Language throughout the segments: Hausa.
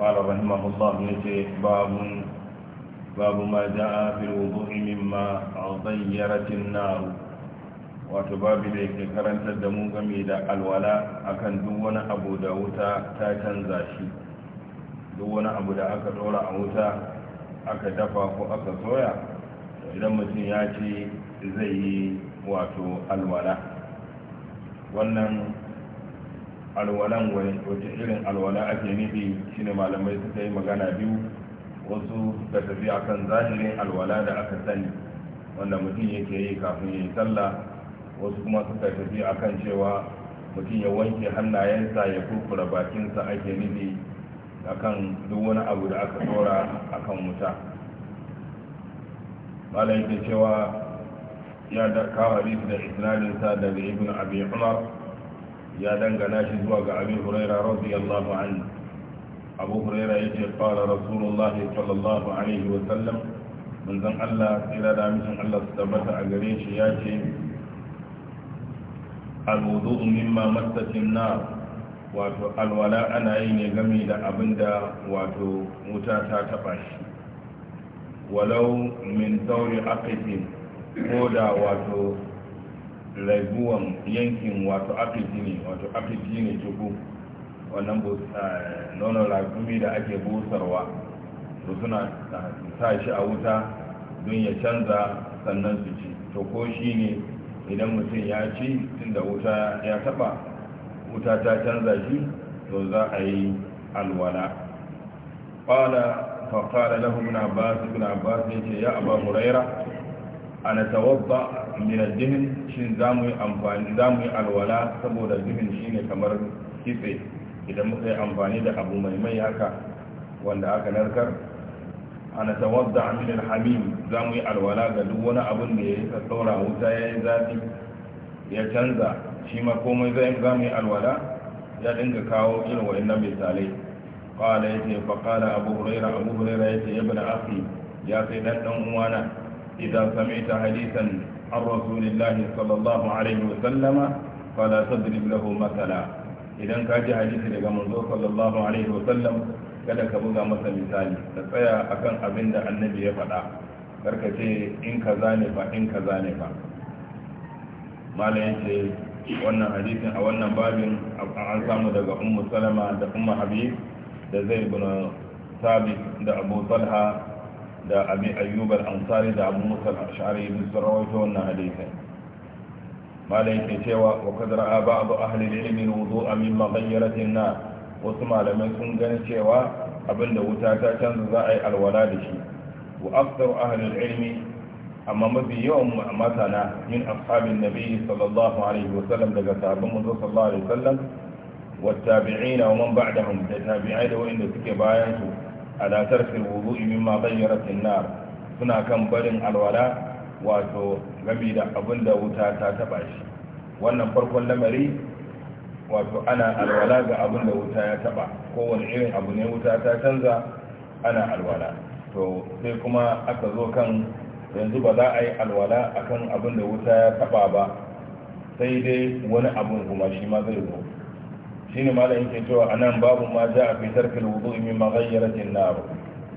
قال رحمه الله يجي باب باب ما جاء في الوضوء مما غيرت النار wato babu da ke karantar da mu game da alwala akan duk wani abu da wuta ta canza shi duk wani abu da aka ɗora a wuta aka dafa ko aka soya idan mutum ya ce zai yi wato alwala wannan alwalan wata irin alwala ake nufi shine malamai suka yi magana biyu wasu da tafi kan zahirin alwala da aka sani wanda mutum yake yi kafin ya yi sallah wasu kuma suka tafi kan cewa mutum ya wanke hannayensa ya kurkura bakinsa ake nufi kan duk wani abu da aka tsora a kan wuta malam yake cewa ya da kawo hadisi da isnadinsa daga ibn abi umar ya dangana shi zuwa ga abin huraira radiyallahu anhu abu huraira yace fara rasulullah sallallahu alaihi wa sallam manzon Allah tsira da mishin Allah su tabbata a gare shi ya ce alwudu mimma mastatin na, wato alwala ana yi ne game da abinda wato wuta ta taba shi walau min tauri aqitin ko da wato raguwan yankin wato afirki wato afirki cikin wannan eh, nono lagumi da ake busarwa to suna ta eh, shi a wuta don ya canza sannan su ci to ko shi ne idan mutum ya ci tunda wuta ya taba wuta ta canza shi to za a yi alwala ƙwada faƙaɗa lahunan abbas ibn ya ce ya abu huraira ana tawabba min al shi shin yi amfani yi alwala saboda jimin shine kamar kitse idan muka yi amfani da abu mai mai haka wanda aka narkar a tawadda da al-hamim zamu yi alwala ga duk wani abun da yi tsaura wuta yi zafi ya canza shi ma komai zai zamu yi alwala ya dinga kawo irin na misalai qala yace fa qala abu hurairah abu hurairah yace ibn akhi ya sai dan dan uwana إذا سمعت حديثا عن رسول الله صلى الله عليه وسلم فلا تضرب له مثلا إذا كاج حديث لك منظور صلى الله عليه وسلم kada ka buga masa misali ka tsaya akan abin da annabi ya faɗa karka ce in ka zane ba in kaza ne ba malam yace wannan hadisin a wannan babin an samu daga ummu salama da ummu habib da zai bin sabit da abu talha da abi ayyub al-ansari da abu musa al-ash'ari ibn sarawaita wannan hadisi malai ke cewa wa qad ra'a ba'd ahli al-ilm al-wudu'a mimma ghayyarat an-nar wasu malamai sun gani cewa abinda wuta ta canza za a yi alwala da shi wa aktsaru ahli al-ilm amma mafi yawan masana min ashabin biyu sallallahu alaihi wasallam daga sahabban manzo sallallahu alaihi wasallam والتابعين ومن da التابعين suke bayan بايانتو ala tarfin wudu'i ma bayyaratin nar suna kan barin alwala wato gami da abin da wuta ta taba shi wannan farkon lamari wato ana alwala ga abin da wuta ya taba kowane irin abu ne wuta ta canza ana alwala to sai kuma aka zo kan yanzu ba za a yi alwala akan abin da wuta ya taba ba sai dai wani abin kuma shi ma zai zo shine malamin ke cewa anan babu ma ja a fitar fil wudu min maghayratin nar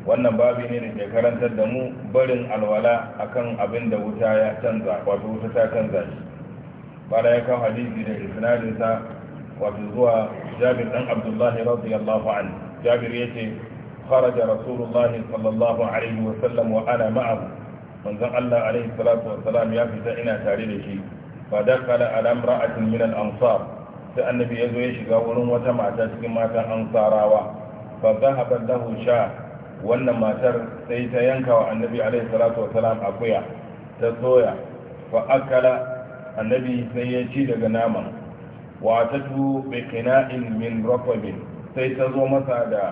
wannan babi ne da ke karantar da mu barin alwala akan abin da wuta ya canza wato wuta ta canza shi bala ya kawo hadisi da isnadin wato zuwa Jabir dan Abdullahi radiyallahu anhu Jabir yace kharaja Rasulullahi sallallahu alaihi wa sallam wa ana ma'ahu manzon Allah alaihi salatu wa salam ya fita ina tare da shi fa dakala ala imra'atin min al-ansar sai annabi ya zo ya shiga wurin wata mata cikin matan ansarawa fa zahabat lahu sha wannan matar sai ta yanka wa annabi alaihi salatu wasalam akuya ta soya fa akala annabi sai ya ci daga naman wa ta tu bi qina'in min sai ta zo masa da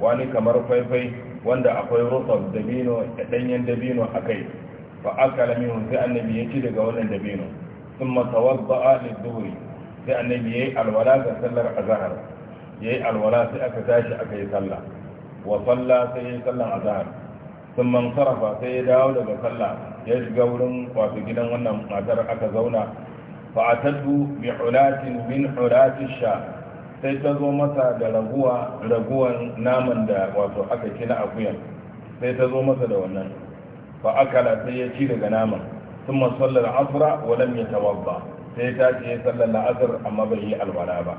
wani kamar faifai wanda akwai rusab dabino da danyen dabino akai fa akala min sai annabi ya ci daga wannan dabino thumma tawadda'a lidhuri sai annabi yayi alwala ga sallar azhar yayi alwala sai aka tashi aka yi sallah wa salla sai yayi sallar azhar sun man sarafa sai ya dawo daga sallah ya shiga wurin wato gidan wannan matar aka zauna fa atadu bi ulatin min ulati sha sai ta zo masa da raguwa raguwan naman da wato aka kina akuyan sai ta zo masa da wannan fa akala sai ya ci daga naman sallar صلى wa lam يتوضا sai ta ce sallar la'asar amma bai yi alwala ba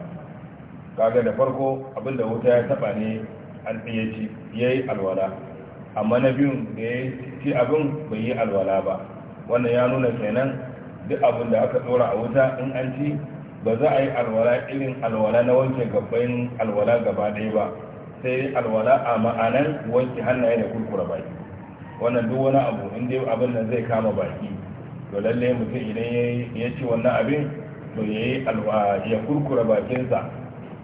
kaga da farko abinda wuta ya taba ne an tsaye ci ya yi alwala amma na biyun da ya ci abin bai yi alwala ba wannan ya nuna kenan duk abin da aka tsora a wuta in an ci ba za a yi alwala irin alwala na wanke gabbain alwala gaba ɗaya ba sai alwala a ma'anar wanke hannaye da kurkura baki wannan duk wani abu inda abin nan zai kama baki to lalle mutum idan ya ci wannan abin to ya yi ya kurkura bakinsa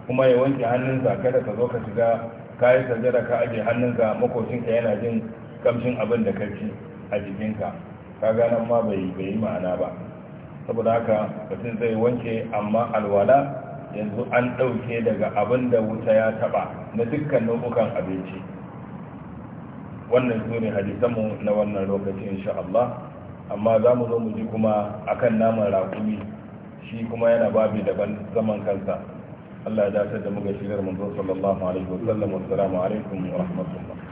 kuma ya wanke hannunsa kada ka zo ka shiga kayan sajada ka aje hannunka makocinka yana jin kamshin abin da kaci a jikinka ka ganan ma bai yi ma'ana ba saboda haka mutum zai wanke amma alwala yanzu an ɗauke daga abin da wuta ya taɓa na dukkan nau'ukan abinci wannan su ne hadisanmu na wannan lokacin insha amma za mu zo mu ji kuma akan naman rakumi shi kuma yana babi daban zaman kansa Allah ya dace da mu ga shigar manzon sallallahu alaihi wa sallam wa assalamu alaikum wa rahmatullahi